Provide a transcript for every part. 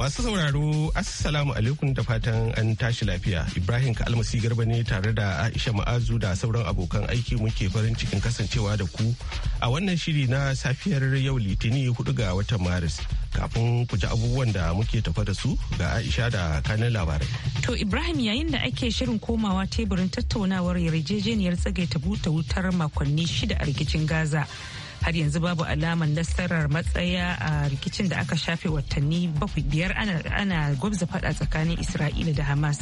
Masu sauraro Assalamu alaikum da fatan an tashi lafiya. Ibrahim Kalmasi Garba ne tare da Aisha Ma'azu da sauran abokan aiki muke farin cikin kasancewa da ku a wannan shiri na safiyar yau Litini 4 ga watan Maris. Kafin ku ji abubuwan da muke tafa da su ga Aisha da kanin labarai. To Ibrahim yayin da ake shirin komawa teburin tattaunawar yarjejeniyar tsagaita buta wutar makonni shida a rikicin Gaza. har yanzu babu alamar nasarar matsaya a rikicin da aka shafe watanni bakwai biyar ana gwabza fada tsakanin isra'ila da hamas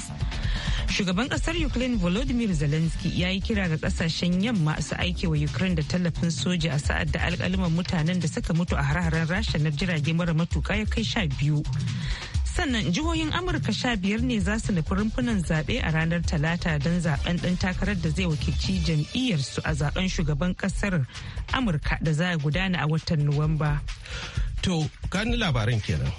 shugaban kasar ukraine volodymyr zelensky ya yi kira ga kasashen yamma su aike wa ukraine da tallafin soja a sa'ad da alkaliman mutanen da suka mutu a har-haren rasha na jirage mara matuka ya kai sha biyu sannan jihohin amurka sha biyar ne za su nufi rumfunan zaɓe a ranar talata don zaɓen ɗan takarar da zai wakilci jam'iyyarsu a zaɓen shugaban ƙasar amurka da za a gudana a watan nuwamba to gani labaran kenan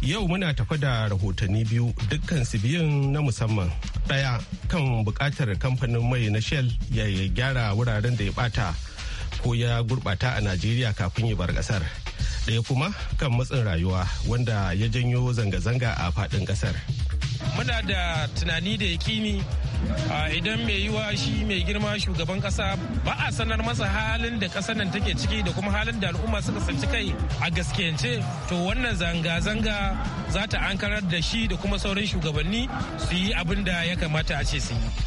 yau muna tafa da rahotanni biyu dukkan su biyun na musamman ɗaya kan buƙatar kamfanin mai na shell ya gyara wuraren da ya ɓata ko ya gurɓata a najeriya kafin ya bar ƙasar. ɗaya kuma kan matsin rayuwa wanda ya janyo zanga-zanga a faɗin ƙasar. Muna da tunani da yakini idan mai yiwa shi mai girma shugaban ƙasa ba a sanar masa halin da ƙasar nan take ciki da kuma halin da al'umma suka sanci kai a gaskiyance to wannan zanga-zanga za ta ankarar da shi da kuma sauran shugabanni su yi abin da ya kamata a ce su yi.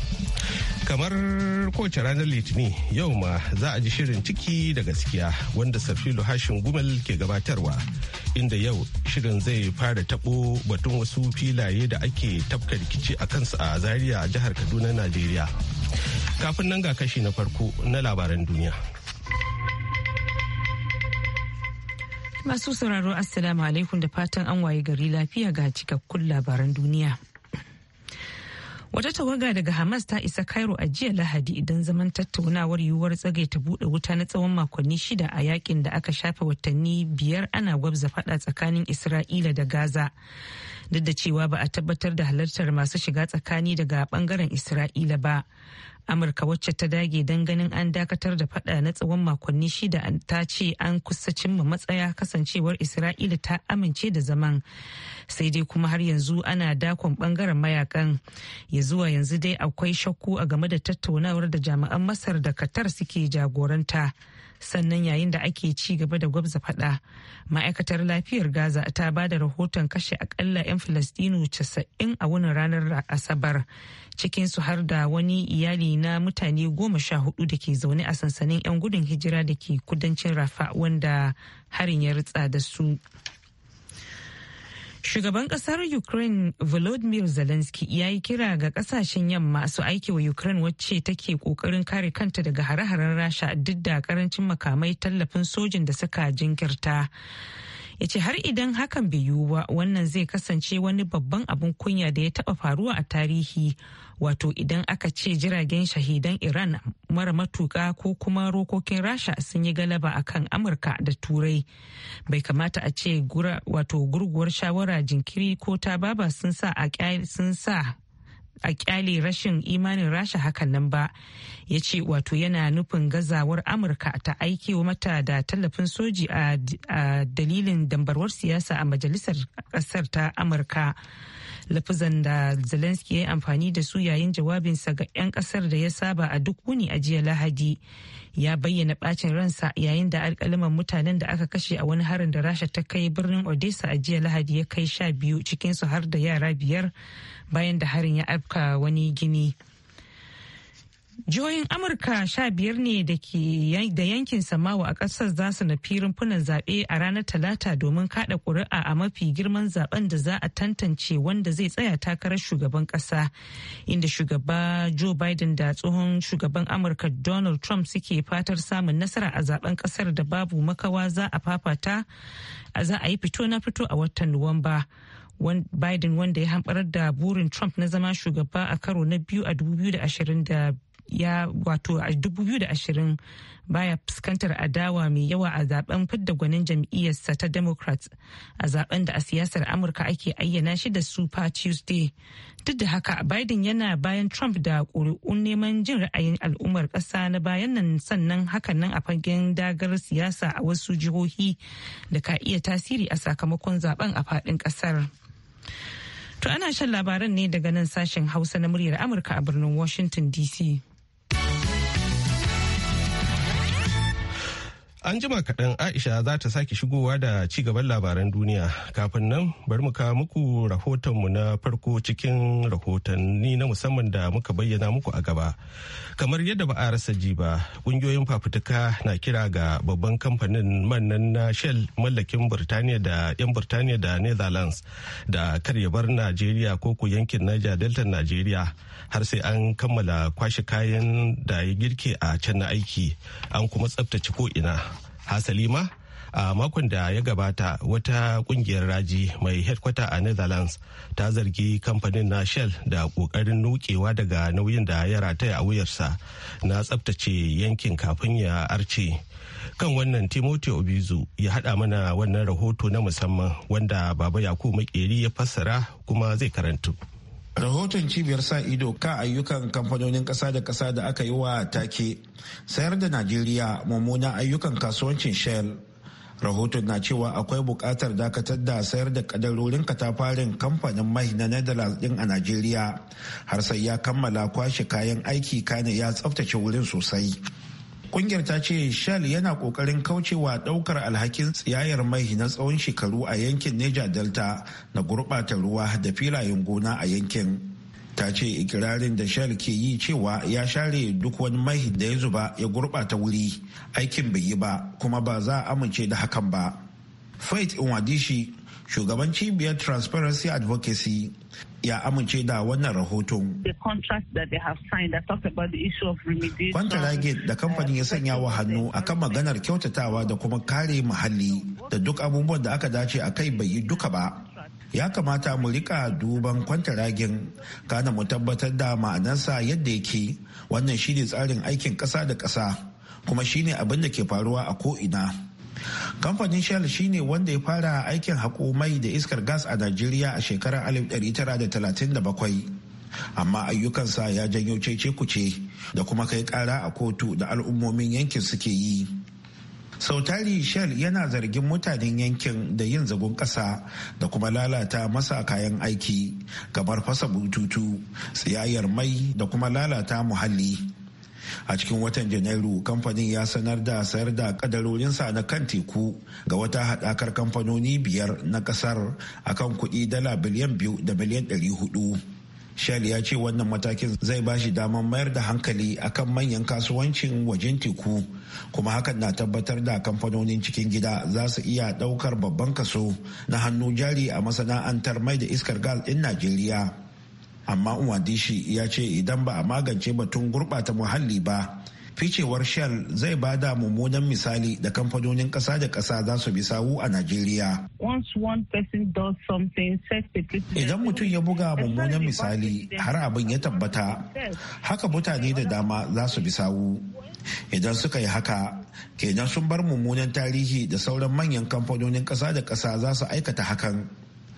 kamar kowace ranar litinin yau ma za a ji shirin ciki da gaskiya wanda sarfilo hashin gumel ke gabatarwa inda yau shirin zai fara tabo batun wasu filaye da ake tafka rikici a kansu a zaria jihar kaduna najeriya kafin nan ga kashi na farko na labaran duniya masu sauraro assalamu alaikum da fatan an waye gari lafiya ga cikakkun labaran duniya Wata tawaga daga Hamas ta isa Cairo a jiya Lahadi idan zaman tattaunawar yiwuwar tsagai ta bude wuta na tsawon makonni shida a yakin da aka shafe watanni biyar ana gwabza fada tsakanin Isra'ila da Gaza. duk da cewa ba a tabbatar da halartar masu shiga tsakani daga bangaren isra'ila ba amurka wacce ta dage don ganin an dakatar da fada na tsawon makonni shida ta ce an kusa cimma matsaya kasancewar isra'ila ta amince da zaman sai dai kuma har yanzu ana dakon bangaren mayakan ya zuwa yanzu dai akwai shakku a game da tattaunawar da jami'an masar da katar suke jagoranta sannan yayin da ake ci gaba da gwabza fada ma'aikatar lafiyar gaza ta ba da rahoton kashe akalla 'yan filistinu 90 a wani ranar asabar cikinsu har da wani iyali na mutane goma sha hudu da ke zaune a sansanin 'yan gudun hijira da ke kudancin rafa wanda harin ya ritsa da su Shugaban kasar Ukraine Volodymyr Zelensky ya yi kira ga kasashen yamma su aiki wa Ukraine wacce take kokarin kare kanta daga hare-haren Rasha duk da karancin makamai tallafin sojin da suka jinkirta. ya ce har idan hakan bai yiwu ba wannan zai kasance wani babban abin kunya da ya taba faruwa a tarihi wato idan aka ce jiragen shahidan iran mara matuka ko kuma rokokin rasha sun yi galaba akan amurka da turai bai kamata a ce wato gurguwar shawara jinkiri ko ta baba sun sa a kyale rashin imanin rasha hakan nan ba ya ce wato yana nufin gazawar amurka ta aiki wa mata da tallafin soji a dalilin dambarwar siyasa a majalisar kasar ta amurka lafizan da zelensky ya yi amfani da su yayin jawabinsa ga 'yan kasar da ya saba a duk wuni a jiya lahadi ya bayyana bacin ransa yayin da alkalaman mutanen da aka kashe a wani harin da rasha ta kai birnin odessa a jiya lahadi ya kai sha biyu cikinsu har da yara biyar bayan da harin ya afka wani gini Jihohin Amurka sha biyar ne da yankin Samawa a ƙasar za su nufi rumfunan zaɓe a ranar Talata domin kaɗa ƙuri'a a mafi girman zaɓen da za a tantance wanda zai tsaya takarar shugaban ƙasa. Inda shugaba Joe Biden da tsohon shugaban Amurka Donald Trump suke fatar samun nasara a zaɓen ƙasar da babu makawa za a fafata za a yi fito na fito a watan Nuwamba. Biden wanda ya hamɓarar da burin Trump na zama shugaba a karo na biyu a 2020 ya wato a 2020 baya fuskantar adawa mai yawa a zaben fidda gwanin jam'iyyarsa ta democrats a zaben da a siyasar amurka ake ayyana shi da super tuesday duk da haka biden yana bayan trump da ƙuri'un neman jin ra'ayin al'ummar ƙasa na bayan nan sannan hakan nan a fagen dagar siyasa a wasu jihohi da ka iya tasiri a sakamakon zaben a faɗin ƙasar. To ana shan labaran ne daga nan sashen Hausa na muryar Amurka a birnin Washington DC. An jima kaɗan Aisha za ta sake shigowa da ci gaban labaran duniya. Kafin nan bari mu kawo muku rahotonmu na farko cikin rahotanni na musamman da muka bayyana muku a gaba. Kamar yadda ba a rasa ji ba, ƙungiyoyin fafutuka na kira ga babban kamfanin mannan na Shell mallakin Burtaniya da 'yan birtaniya da Netherlands da kar ya bar Najeriya ko ku yankin Niger Delta Najeriya har sai an kammala kwashe kayan da ya girke a can na aiki an kuma tsaftace ko ina. hasali a makon da ya gabata wata kungiyar raji mai headquarter a netherlands ta zargi kamfanin na shell da kokarin nukewa daga nauyin da ya rataya a wuyarsa na tsabtace yankin kafin ya arce kan wannan timothy obizu ya hada mana wannan rahoto na musamman wanda baba yakubu makeri ya fassara kuma zai karantu. rahoton cibiyar sa ido ka ayyukan kamfanonin kasa da kasa da aka yi wa take sayar da najeriya mummunan ayyukan kasuwancin shell rahoton na cewa akwai bukatar dakatar da sayar da kadarorin katafarin kamfanin mai na netherlands din a najeriya har sai ya kammala kwashe kayan aiki kane ya tsaftace wurin sosai Kungiyar ta ce Shell yana kokarin kaucewa daukar alhakin tsiyayar mai na tsawon shekaru a yankin Niger Delta na gurbata ruwa da filayen gona a yankin. Ta ce ikirarin da Shell ke yi cewa ya share duk wani mai da ya zuba ya gurbata wuri aikin bai yi ba kuma ba za a amince da hakan ba. Faith Nwadishi, shugaban cibiyar Transparency Advocacy, ya amince da wannan rahoton. Kwantaragin da kamfanin ya sanya wa hannu akan maganar kyautatawa da kuma kare muhalli da duk abubuwan da aka dace a kai bai yi duka ba. Ya kamata mu rika duban kwantaragin kana mu tabbatar da ma'anarsa yadda yake wannan shine tsarin aikin ƙasa da ƙasa kuma shine abin da ke faruwa a ko'ina. kamfanin shell shine wanda ya fara aikin haƙo mai da iskar gas a najeriya a shekarar 1937 amma ayyukansa ya janyo cece kuce da kuma kai kara a kotu da al'ummomin yankin suke yi sautari shell yana zargin mutanen yankin da yin zagon ƙasa da kuma lalata masa kayan aiki gabar fasa bututu tsayayyar mai da kuma lalata muhalli a cikin watan janairu kamfanin ya sanar da sayar da kadarorinsa na kan teku ga wata haɗakar kamfanoni biyar na ƙasar a kan kuɗi dala biliyan biyu da miliyan ɗari hudu shell ya ce wannan matakin zai ba shi damar mayar da hankali akan manyan kasuwancin wajen teku kuma hakan na tabbatar da kamfanonin cikin gida za su iya daukar babban kaso na hannu jari a masana'antar mai da iskar gas ɗin najeriya amma Nwandishi ya ce idan ba a magance batun gurɓata muhalli ba ficewar shell zai ba da mummunan misali da kamfanonin ƙasa da ƙasa za su bi sawu a Najeriya. Idan mutum ya buga mummunan misali har abin ya tabbata, haka mutane da dama za su bi sawu. Idan suka yi haka, kenan sun bar mummunan tarihi da sauran manyan kamfanonin ƙasa da ƙasa za su aikata hakan.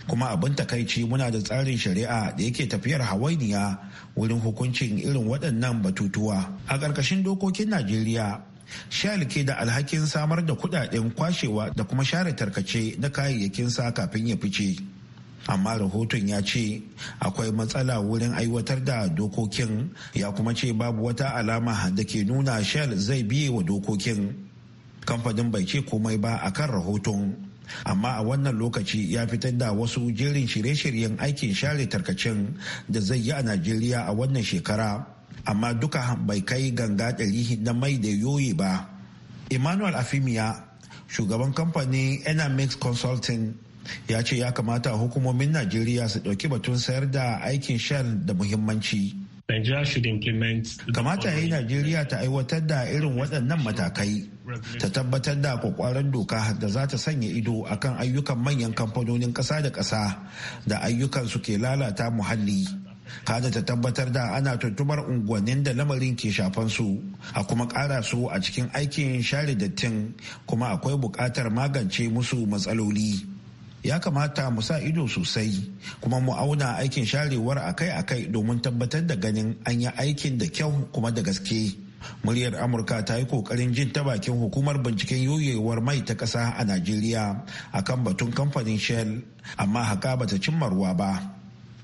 kuma abin takaici muna da tsarin shari'a da yake tafiyar hawainiya wurin hukuncin irin waɗannan batutuwa a ƙarƙashin dokokin najeriya shal ke da alhakin samar da kuɗaɗen kwashewa da kuma share tarkace na kayayyakin sa kafin ya fice amma rahoton ya ce akwai matsala wurin aiwatar da dokokin ya kuma ce babu wata alama da ke nuna shal zai biye wa dokokin kamfanin bai ce komai ba akan rahoton amma a wannan lokaci ya fitar da wasu jerin shirye-shiryen aikin share tarkacin da zai yi a najeriya a wannan shekara amma duka bai kai ganga ɗari na mai da yoyi ba emmanuel afimiya shugaban kamfanin enamix consulting ya ce ya kamata hukumomin najeriya su ɗauki batun sayar da aikin shan da muhimmanci kamata ya yi najeriya ta aiwatar da irin waɗannan matakai ta tabbatar da kwakwaran doka da za ta sanya ido akan ayyukan manyan kamfanonin ƙasa da ƙasa da ayyukan su ke lalata muhalli kada ta tabbatar da ana tuntumar unguwannin da lamarin ke shafan su a kuma ƙara su a cikin aikin share dattin kuma akwai buƙatar magance musu matsaloli ya kamata mu sa ido sosai kuma mu auna aikin sharewar akai-akai domin tabbatar da ganin an yi aikin da kyau kuma da gaske. muryar amurka ta yi kokarin jin ta bakin hukumar binciken yoyewar mai ta ƙasa a najeriya akan batun kamfanin shell amma haka bata cimma ruwa ba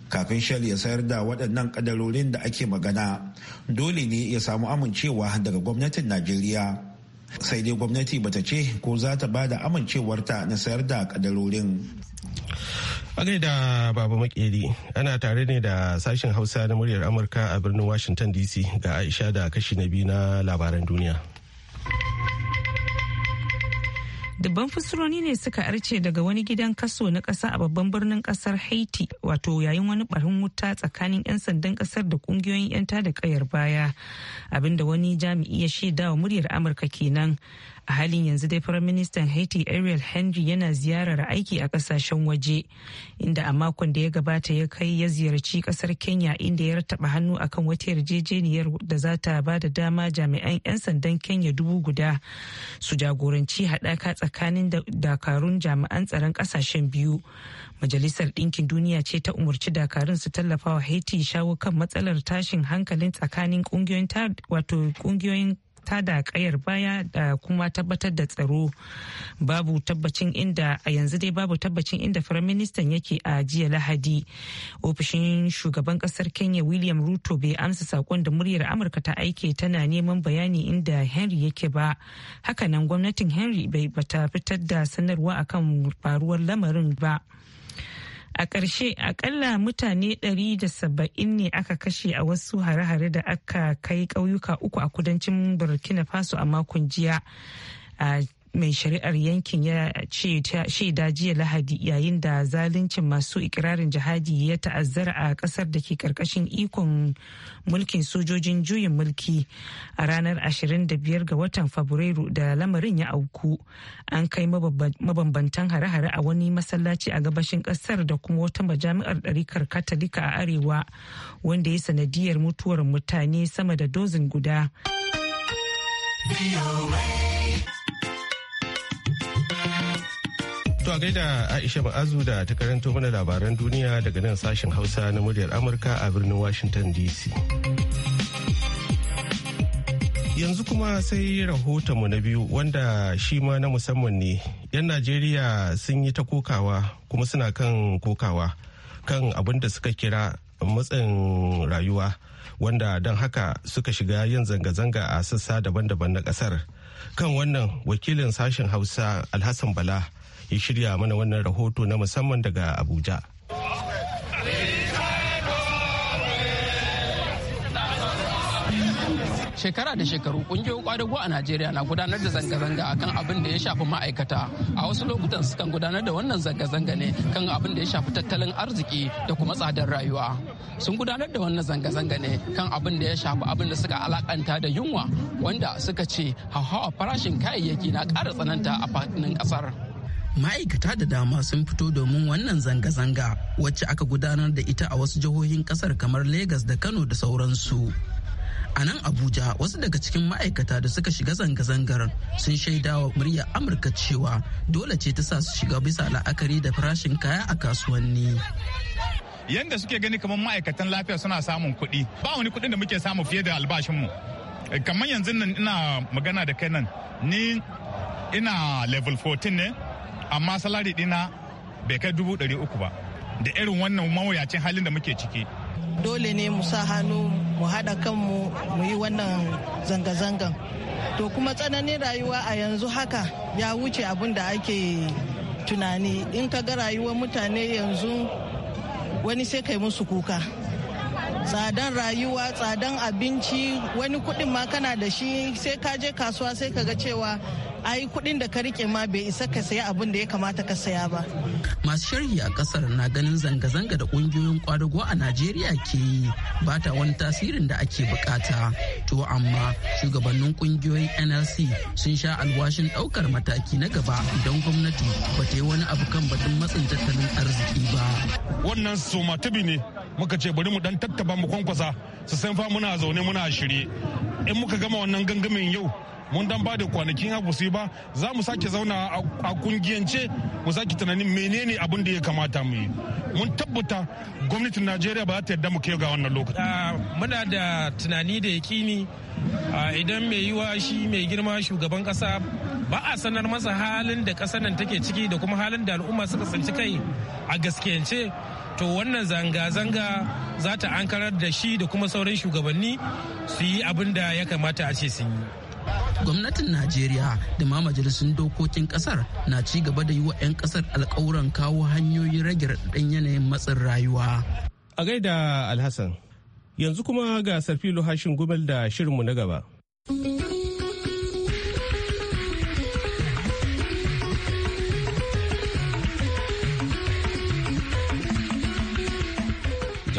kafin shell ya sayar da waɗannan kadarorin da ake magana dole ne ya samu amincewa daga gwamnatin najeriya sai dai gwamnati bata ce ko za ta ba da amincewarta na sayar da kadarorin A gaida Baba Makeri ana tare ne da sashen Hausa na muryar Amurka a birnin Washington DC ga Aisha da kashi na biyu na labaran duniya. Dubban fusuroni ne suka arce daga wani gidan kaso na kasa a babban birnin kasar Haiti wato yayin wani barin wuta tsakanin 'yan sandan kasar da kungiyoyin 'yan tada kayar baya abinda wani jami'i ya shaidawa muryar Amurka kenan a halin yanzu dai firaministan haiti ariel henry yana ziyarar aiki a kasashen waje inda a makon da ya gabata ya kai ya ziyarci kasar kenya inda ya taba hannu akan wata yarjejeniyar da za ta ba da dama jami'an 'yan sandan kenya dubu guda su jagoranci haɗaka tsakanin dakarun jami'an tsaron kasashen biyu majalisar ɗinkin duniya ce ta umarci dakarun su tallafa wa haiti shawo kan matsalar tashin hankalin tsakanin ƙungiyoyin tada kayar baya da kuma tabbatar da tsaro babu tabbacin inda a yanzu dai babu tabbacin inda firaministan yake a jiya lahadi ofishin shugaban kasar kenya william ruto bai amsa sakon da muryar amurka ta aike tana neman bayani inda henry yake ba hakanan gwamnatin henry bai bata fitar da sanarwa akan faruwar lamarin ba. a ƙarshe akalla mutane 170 ne aka kashe a wasu hare-hare da aka kai ƙauyuka uku a kudancin burkina faso a makon jiya a mai shari'ar yankin ya ce shaida jiya lahadi yayin da zaluncin masu ikirarin jihadi ya ta'azzara a kasar da ke karkashin ikon mulkin sojojin juyin mulki a ranar 25 ga watan fabrairu da lamarin ya auku an kai mabambantan hare-hare a wani masallaci a gabashin kasar da kuma wata majami'ar ɗarikar katolika a arewa wanda ya sanadiyar mutuwar mutane sama da dozin guda. To a gaida Aisha Ma'azu da ta karanto mana labaran duniya daga nan sashen Hausa na muryar Amurka a birnin Washington DC. Yanzu kuma sai rahotonmu na biyu wanda shi ma na musamman ne. 'Yan Najeriya sun yi ta kokawa kuma suna kan kokawa kan abin da suka kira matsin rayuwa wanda don haka suka shiga yin zanga-zanga a sassa daban-daban na kasar. Kan wannan wakilin sashen Hausa Alhassan Bala. ya shirya mana wannan rahoto na musamman daga Abuja. shekara da shekaru kungiyoyin kwadago a najeriya na gudanar da zanga-zanga a kan abin da ya shafi ma'aikata a wasu lokutan sukan gudanar da wannan zanga-zanga ne kan abin da ya shafi tattalin arziki da kuma tsadar rayuwa sun gudanar da wannan zanga-zanga ne kan abin da ya shafi abin da suka alakanta da yunwa wanda suka ce hauhawar farashin kayayyaki na ƙara tsananta a faɗin ƙasar ma'aikata da dama sun fito domin wannan zanga-zanga wacce aka gudanar da ita a wasu jihohin kasar kamar Legas da Kano da sauransu. A nan Abuja wasu daga cikin ma'aikata da suka shiga zanga-zangar sun shaida wa murya Amurka cewa dole ce ta sa su shiga bisa la'akari da farashin kaya a kasuwanni. Yanda suke gani kamar ma'aikatan lafiya suna samun kuɗi, ba wani kuɗin da muke samu fiye da albashinmu. Kamar yanzu nan ina magana da kai nan, ni ina level 14 ne, amma salari dina bai kai dubu ɗari uku ba da irin wannan mawuyacin halin da muke ciki dole ne mu sa hannu mu haɗa kanmu mu yi wannan zanga-zangan to kuma tsananin rayuwa a yanzu haka ya wuce abin da ake tunani in ka ga rayuwar mutane yanzu wani sai kai musu kuka tsadan rayuwa tsadan abinci wani kuɗin ma kana da shi sai ka je kasuwa sai ka ga cewa ai kuɗin da ka rike ma bai isa ka saya abin da ya kamata ka saya ba masu sharhi a kasar na ganin zanga-zanga da ƙungiyoyin kwadago a najeriya ke yi ba ta wani tasirin da ake bukata to amma shugabannin ƙungiyoyin nlc sun sha alwashin ɗaukar mataki na gaba don gwamnati ba ta yi wani abu kan batun matsin tattalin arziki ba wannan somatabi ne muka ce bari mu dan tattaba mu kwankwasa su san fa muna zaune muna shirye in muka gama wannan gangamin yau mun dan ba da kwanakin haku su ba za mu sake zauna a kungiyance mu sake tunanin menene abin da ya kamata mu yi mun tabbata gwamnatin najeriya ba za ta yarda mu kai ga wannan lokaci ah, muna da tunani da yakini ah, idan mai yiwa shi mai girma shugaban kasa ba a sanar masa halin da kasar nan take ciki da kuma halin da al'umma suka tsinci kai a gaskiyance to wannan zanga-zanga za ta ankarar da shi da kuma sauran shugabanni su yi abin da ya kamata a ce sun yi gwamnatin najeriya da ma majalisun dokokin kasar na ci gaba da yi wa 'yan kasar alkawuran kawo hanyoyin rage raɗaɗin yanayin matsin rayuwa a gaida alhassan yanzu kuma ga sarfilo hashin gumel da shirinmu na gaba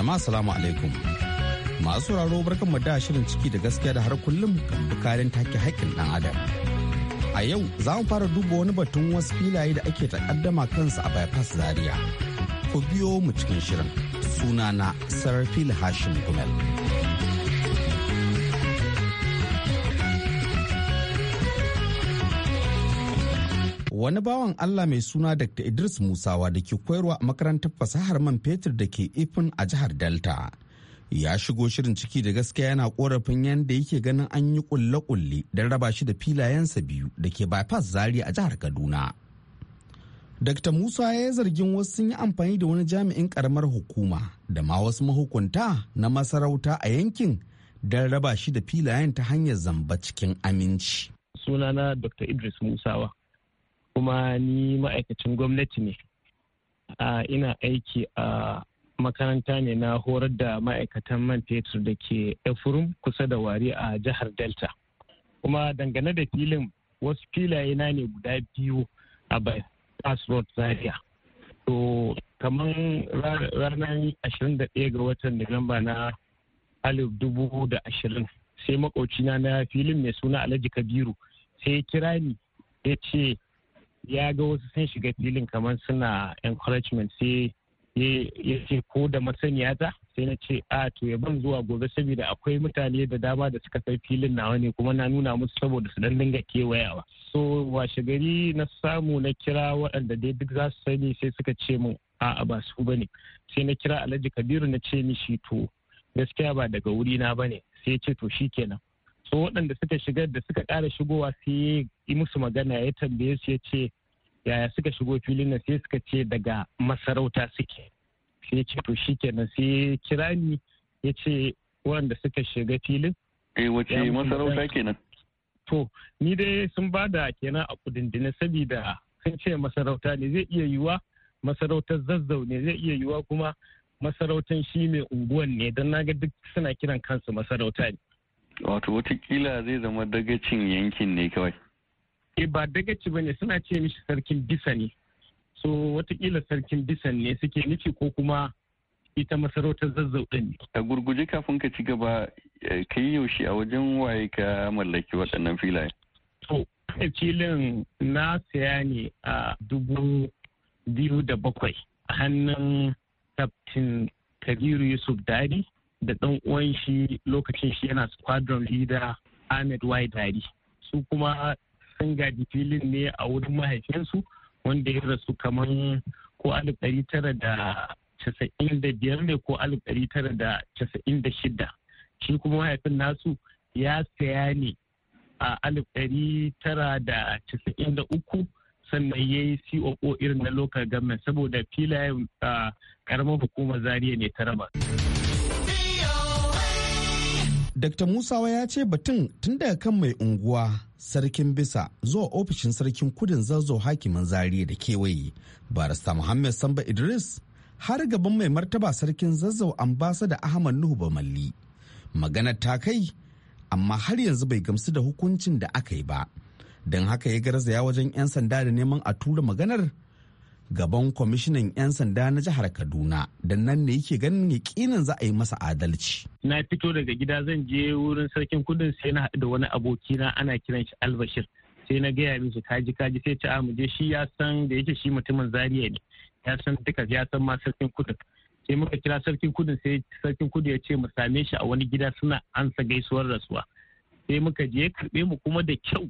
jama'a salamu alaikum masu sauraro barkan mu da shirin ciki da gaskiya da har kullum kan bukarin take haƙƙin ɗan adam a yau za mu fara duba wani batun wasu filaye da ake takaddama kansa a bypass zaria ku biyo mu cikin shirin sunana sarfil hashim gumel wani bawan Allah mai suna Dr. Idris Musawa da ke koyarwa a makarantar fasahar man fetur da ke Ifin a jihar Delta. Ya shigo shirin ciki da gaskiya yana korafin yadda yake ganin an yi kulle-kulle don raba shi da filayensa biyu da ke bypass zari a jihar Kaduna. Dr. Musa ya yi zargin wasu sun yi amfani da wani jami'in karamar hukuma da ma wasu mahukunta na masarauta a yankin don raba shi da filayen ta hanyar zamba cikin aminci. Sunana Dr. Idris Musawa. kuma ni ma'aikacin gwamnati ne ina aiki a makaranta ne na horar da ma'aikatan man fetur da ke efurum kusa da wari a jihar delta kuma dangane da filin wasu filaye na ne guda biyu a bypass road zaria to kamar ranar 21 ga watan nuwamba na alif dubu da ashirin sai makocina na filin mai suna alhaji kabiru sai ya kira ni ya ce ya ga wasu sun shiga filin kamar suna encouragement sai ya ce ko da masaniya ta sai na ce a to ya ban zuwa gobe saboda akwai mutane da dama da suka kai filin nawa ne kuma na nuna musu saboda su dan dinga kewayawa so washe gari na samu na kira waɗanda dai duk za su sani sai suka ce min a'a ba su bane sai na kira alhaji kabiru na ce mishi to gaskiya ba daga wuri na bane sai ya ce to shikenan so waɗanda suka shigar da suka ƙara shigowa sai ya yi musu magana ya tambaye su ya ce yaya suka shigo filin na sai suka ce daga masarauta suke sai ce to kenan sai kira ni ya ce wanda suka shiga filin eh wace masarauta kenan to ni dai sun ba da kenan a kudindina saboda sun ce masarauta ne zai iya yiwa masarautar zazzau ne zai iya yiwa kuma masarautar shi mai unguwan ne don naga duk suna kiran kansu masarauta ne wato watakila zai zama dagacin yankin ne kawai e ba dagaci bane suna ce mishi sarkin bisa ne so watakila sarkin bisan ne suke nufi ko kuma ita masarautar zazzau ɗin ne a gurguje kafin ka ci gaba eh, ka yi yaushe a wajen waye ka mallaki waɗannan filaye to filin na saya ne a dubu biyu da bakwai a hannun kaftin kabiru yusuf dari da ɗan uwan shi lokacin shi yana squadron leader ahmed y dari su kuma sun gaji filin ne a wurin mahaifinsu wanda ya rasu kamar ko alif ɗari tara da casa'in da biyar ne ko alif ɗari tara da casa'in da shida shi kuma mahaifin nasu ya saya ne a alif ɗari tara da casa'in da uku sannan ya yi coo irin na local government saboda filayen karamar hukumar zariya ne ta raba. Dr. Musawa ya ce batun tun daga kan mai unguwa sarkin bisa zuwa ofishin sarkin kudin zazo hakimin zariya da kewaye barista Muhammad Samba Idris har gaban mai martaba sarkin zazzau ambasada Ahmad Nuhu Bamalli. Maganar ta kai amma har yanzu bai gamsu da hukuncin da aka yi ba. Don haka ya garzaya wajen 'yan sanda da neman a tura maganar gaban kwamishinan 'yan sanda na jihar kaduna da nan ne yake ganin yakinin za a yi masa adalci na fito daga gida zan je wurin sarkin kudin sai na haɗu da wani abokina ana kiran shi albashir sai na gaya musu kaji kaji sai ta amuje shi ya san da yake shi mutumin zaria ne ya san duka ya san ma sarkin kudin sai muka kira sarkin kudin sai sarkin kudin ya ce mu same shi a wani gida suna ansa gaisuwar rasuwa sai muka je karɓe mu kuma da kyau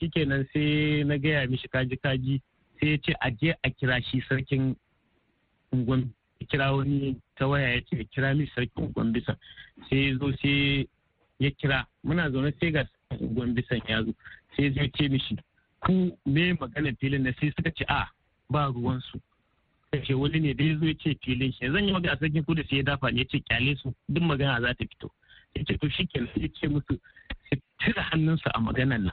shikenan sai na gaya mishi kaji kaji sai ya ce a je a kira shi sarkin ungon kira wani ta waya ya ce kira mi sarkin ungon bisa sai ya zo sai ya kira muna zaune sai ga sarkin ungon bisan ya zo sai ya ce mishi ku me magana filin da sai suka ce a ba ruwansu ce wani ne da ya zo ya ce filin shi zan yi magana sarkin kudu sai ya dafa ne ya ce kyale su duk magana za ta fito ya ce to shi kenan ya ce musu su tura hannunsu a maganan nan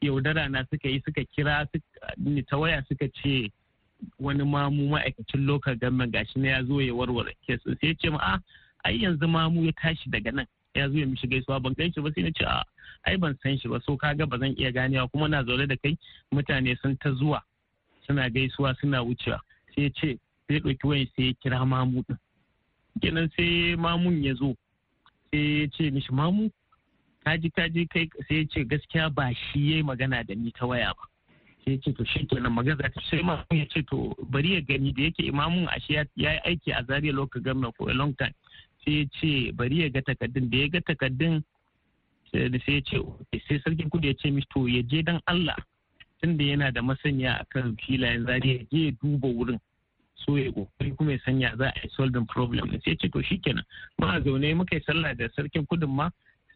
yaudara na suka yi suka kira ni ta waya suka ce wani mamu ma'aikacin local government gashi na ya zo ya warware kesin sai ya ce ma ah, ai yanzu mamu ya tashi daga nan ya zo ya mishi gaisuwa ban gan shi ba sai na ce a ah, ai ban san shi ba so ga ba zan iya ganewa kuma na zaune da kai mutane sun ta zuwa suna gaisuwa suna wucewa sai ya ce sai ɗauki wayan sai ya kira mamu din kenan sai mamun ya zo sai ya ce mishi mamu kaji kaji kai sai ce gaskiya ba shi yayi magana da ni ta waya ba sai ce to shi kenan magana ta sai ma ya ce to bari ya gani da yake imamun ashe ya yi aiki a Zariya Lokacin Gwamnati ko long time sai ya ce bari ya ga takaddun da ya ga takaddun sai ya ce sai sarkin kudu ya ce mishi to ya je dan Allah tunda yana da masaniya akan filayen zariya. ya je ya duba wurin so ya kokari kuma ya sanya za a yi solving problem sai ya ce to shikenan ma zaune muka yi sallah da sarkin kudin ma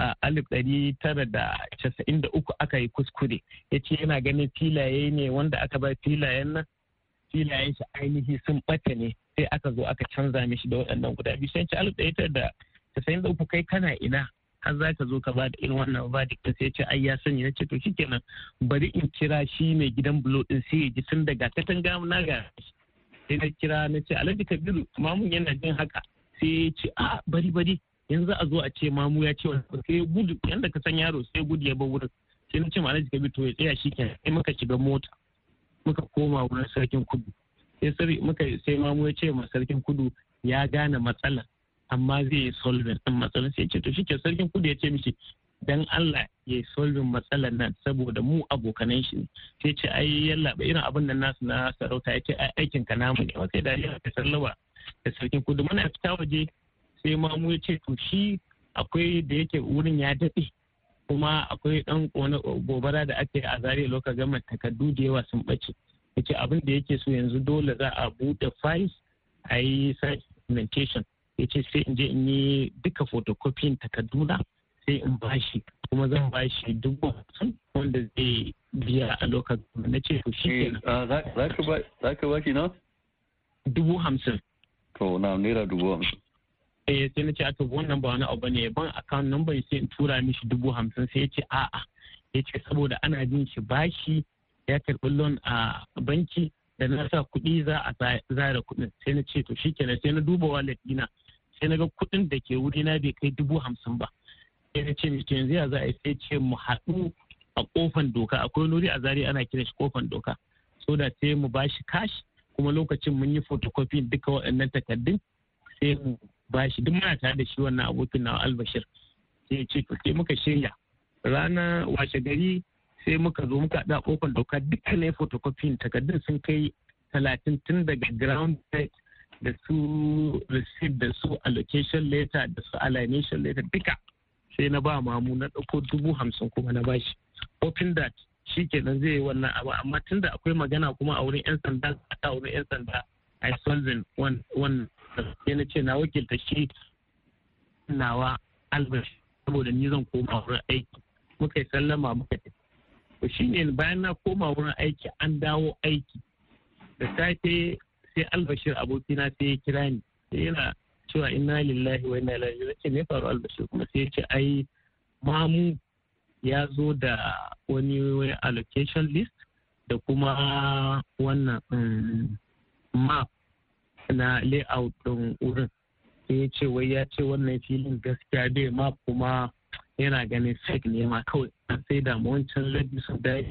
a alif tara da casa'in da uku aka yi kuskure ya ce yana ganin filaye ne wanda aka bar filayen nan filayen shi ainihi sun bata ne sai aka zo aka canza mishi da waɗannan guda biyu sai alif ɗari tara da casa'in da uku kai kana ina har za ka zo ka ba da irin wannan verdict sai ce ai ya sanya na ce to shikenan bari in kira shi mai gidan bulo din sai ya ji tun daga katanga na ga sai na kira na ce alhaji kabiru mamun yana jin haka sai ya ce a bari bari yanzu a zo a ce mamu ya ce wani sai gudu yanda ka san yaro sai gudu ya bar wurin sai na ce ma ka bi to ya tsaya shi ke sai muka shiga mota muka koma wurin sarkin kudu sai sai muka sai mamu ya ce ma sarkin kudu ya gane matsala amma zai yi solvin ɗin matsalar sai ya ce to shi ke sarkin kudu ya ce mishi dan Allah ya yi solvin matsalar nan saboda mu abokanan shi sai ce ai yalla irin abin nan nasu na sarauta ya ce aikin ka namu ne sai da ya sallawa da sarkin kudu muna fita waje sai mamu ya ce to shi akwai da yake wurin ya daɗe kuma akwai ɗan gobara da ake a zare lokacin gama takardu da yawa sun ɓace ya ce abin da yake so yanzu dole za a buɗe files a yi documentation ya ce sai in je in yi duka photocopying takarduna sai in bashi kuma zan bashi dubu wanda zai biya a lokacin na ce to shi eh, za ka bashi na dubu hamsin to na naira dubu hamsin sai na ce aka wannan ba wani abu ne ban nan bai sai in tura mishi dubu hamsin sai ya ce a'a ya ce saboda ana jin shi bashi ya karɓi loan a banki da na sa kuɗi za a zara kuɗin sai na ce to kenan sai na duba wallet ɗina sai na ga kuɗin da ke wuri na bai kai dubu hamsin ba sai na ce yanzu ya za a sai ce mu haɗu a kofan doka akwai nuri a zari ana kiran shi kofan doka so da sai mu bashi kashi kuma lokacin mun yi photocopy duka waɗannan takardun sai mu bashi duk muna tare da shi wannan abokin na albashir sai ce to sai muka shirya rana washe gari sai muka zo muka da kofar dauka ne photocopying takardun sun kai talatin tun daga ground set da su receipt da su allocation letter da su alienation letter duka sai na ba mamu na dauko dubu hamsin kuma na bashi open that shi kenan zai yi wannan abu amma tunda akwai magana kuma a wurin yan sanda a wurin yan sanda i solving wannan sai na ce na wakilta shi nawa albert saboda ni zan koma wurin aiki muka yi sallama muka to shi ne bayan na koma wurin aiki an dawo aiki da safe sai albashir abokina sai ya kira ni sai yana cewa inna lillahi wa inna ilaihi ce ne faru albashir kuma sai ya ce ai mamu ya zo da wani allocation list da kuma wannan mm, map na layout ɗin wurin sai ya ce wai ya ce wannan filin gaskiya bai ma kuma yana ganin fake ne ma kawai sai da wancan su da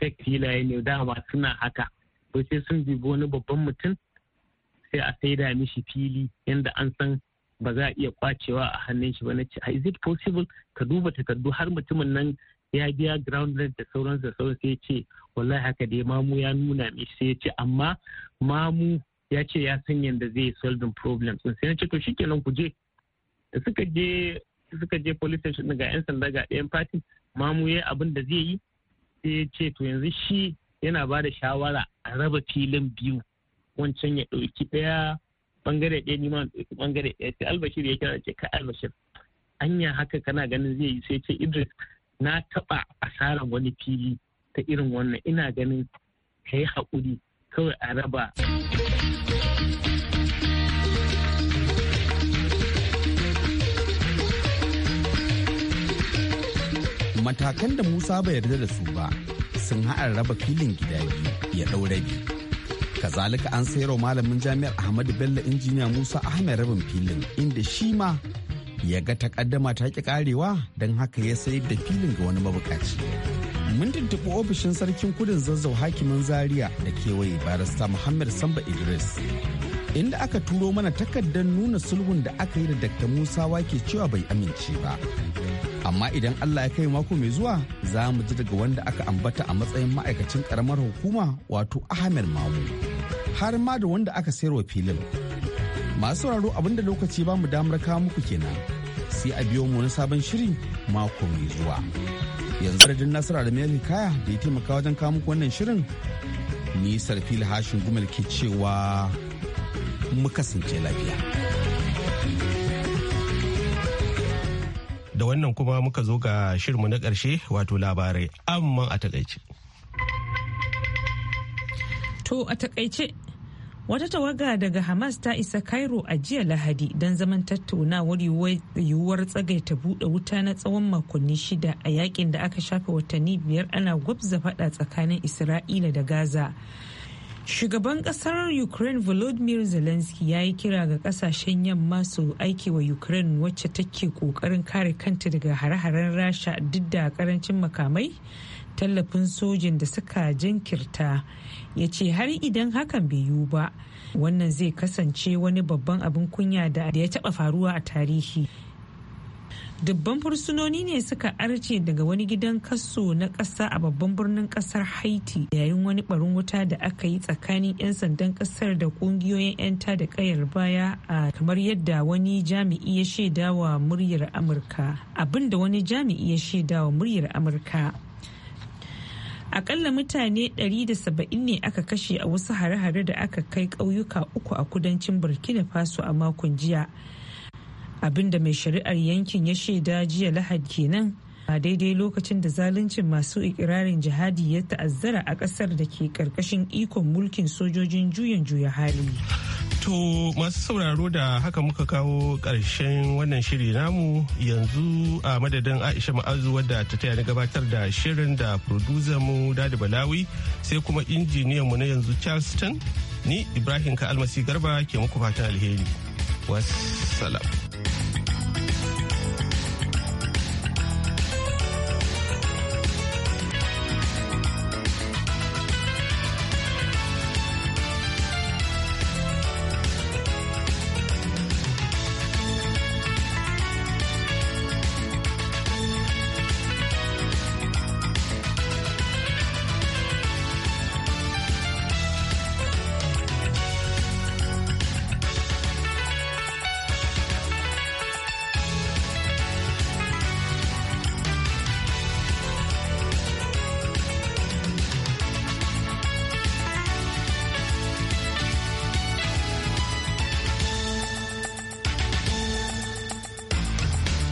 fake filaye ne dama suna haka ba sai sun bi wani babban mutum sai a saida mishi fili yanda an san ba za a iya kwacewa a hannun shi ba na ce is it possible ka duba takardu har mutumin nan ya biya ground rent da sauransu da sauransu sai ce wallahi haka dai mamu ya nuna mishi sai ya ce amma mamu ya ce ya san yadda zai solving problems sai na ce to shikenan ku je da suka je suka je police station ga yan sanda ga ɗayan party mamu ya abin da zai yi sai ya ce to yanzu shi yana ba da shawara a raba filin biyu wancan ya ɗauki ɗaya bangare ɗaya ni ma ɗauki bangare ɗaya sai albashir ya kira ce ka albashir anya haka kana ganin zai yi sai ce idris na taɓa asarar wani fili ta irin wannan ina ganin ka yi haƙuri kawai a raba. matakan da musa bai yarda da su ba sun haɗa raba filin gida ya ɗau rabi kazalika an sayarwa malamin jami'ar ahmadu bello injiniya musa ahmed rabin filin inda shi ma ya ga takaddama ta ki karewa don haka ya sayar da filin ga wani mabukaci mun tuntuɓi ofishin sarkin kudin zazzau hakimin zaria da kewaye barista muhammad samba idris inda aka turo mana takardar nuna sulhun da aka yi da dr musa wake cewa bai amince ba amma idan Allah ya kai mako mai zuwa za mu ji daga wanda aka ambata a matsayin ma'aikacin karamar hukuma wato Ahmed Mamu har ma da wanda aka sayar wa filin masu sauraro abinda lokaci ba mu damar kawo muku kenan sai a biyo mu na sabon shiri mako mai zuwa yanzu da din nasara da mai kaya da ya taimaka wajen kawo muku wannan shirin ni sarfil hashin gumel ke cewa mu kasance lafiya. da wannan kuma muka zo ga shirmu na ƙarshe wato labarai amma a takaice. To a takaice wata tawaga daga Hamas ta isa Cairo a jiya Lahadi don zaman tattaunawar yiwuwar tsagaita buɗe wuta na tsawon makonni shida a yakin da aka shafe watanni biyar ana gwabza faɗa tsakanin Isra'ila da Gaza. Shugaban kasar Ukraine Volodymyr Zelensky ya yi kira ga kasashen yamma su aiki wa Ukraine wacce take kokarin kare kanta daga hare-haren Rasha duk da karancin makamai, tallafin sojin da suka jinkirta. Ya ce har idan hakan bai yiwu ba, wannan zai kasance wani babban abin kunya da ya taɓa faruwa a tarihi. dubban fursunoni ne suka arce daga wani gidan kaso na kasa a babban birnin kasar haiti yayin wani barin wuta da aka yi tsakanin 'yan sandan kasar da kungiyoyin 'yan ta da kayar baya a kamar yadda wani jami'i ya shaidawa muryar amurka abinda wani jami'i ya shaidawa muryar amurka akalla mutane 170 ne aka kashe a wasu hare-hare da aka kai ƙauyuka uku a kudancin burkina faso a makon jiya abinda mai shari'ar yankin ya shaida jiya lahad kenan a daidai lokacin da zaluncin masu ikirarin jihadi ya ta'azzara a kasar da ke karkashin ikon mulkin sojojin juyin juya hali. To masu sauraro da haka muka kawo karshen wannan shiri namu yanzu a madadin Aisha Ma'azu wadda ta taya ni gabatar da shirin da producer mu Dadi Balawi sai kuma injiniyan mu na yanzu Charleston ni Ibrahim Ka Almasi Garba ke muku fatan alheri. Wassalam.